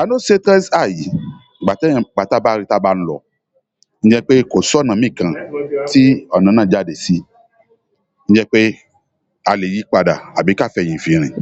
ta ló ṣe tẹ́sà yìí ìgbà téèyàn ìgbà tá a bá rí i tá a bá ń lọ ìyẹn pé kò sọ́nà míì kan tí ọ̀nà náà jáde sí ìyẹn pé a lè yí padà àbí ká fẹ̀yìn fi rìn